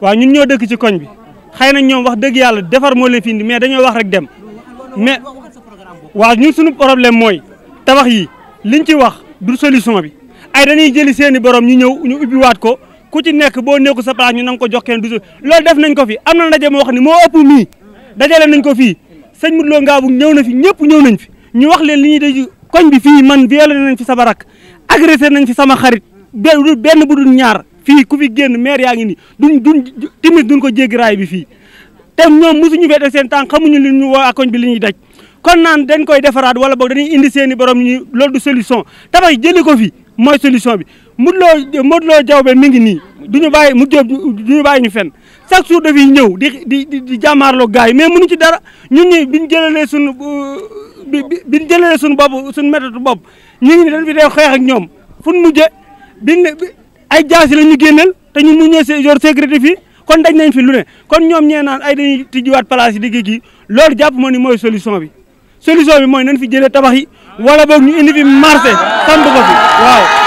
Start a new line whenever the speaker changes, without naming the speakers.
waaw ñun ñoo dëkk ci koñ bi xëy nañ ñoom wax dëgg yàlla defar moo leen fi indi mais dañoo wax rek dem mais waaw ñun suñu problème mooy tabax yi liñ ci wax du solution bi ay dañuy jëli seeni borom ñu ñëw ñu ubbiwaat ko ku ci nekk boo nekku sa place ñu nanga ko jox kenn du loolu def nañ ko fi am na ndaje moo wax ni moo ëpp mii dajale nañ ko fii sëñ Modou Lo Ngabou ñëw na fi ñëpp ñëw nañ fi ñu wax leen li ñuy daj koñ bi fii man violé nañ fi sama rak agressé nañ fi sama xarit benn bu dul ñaar fii ku fi génn maire yaa ngi ni duñ duñ timis duñ ko jéggi bi fii te ñoom mosuñu fee def seen tànk xamuñu li ñu woo akoñ bi li ñuy daj kon naan dañ koy defaraat wala boog dañuy indi seen i borom ñu loolu du solution tabax jëli ko fi mooy solution bi mënuloo mënuloo jawbe mi ngi nii duñu bàyyi mu jóob duñu ñu fenn chaque jour dafay ñëw di di di jàmmaarloo gars yi mais mënu ci dara ñun ñi biñ jëlalee suñu bi biñ jëlalee suñu bopp suñu méthode bopp ñu ngi ne dañ fi dee xeex ak ñoom fu mu mujjee biñ ay jaasi la ñu génneel te ñun ñu ñëw yor sécurité fii kon dañ nañ fi lu ne kon ñoom ñee naan ay dañuy tijjiwaat place yi digg gi loolu jàpp ma ni mooy solution bi solution bi mooy nañ fi jëlee tabax yi wala boog ñu indi fi marché sant ko fi waaw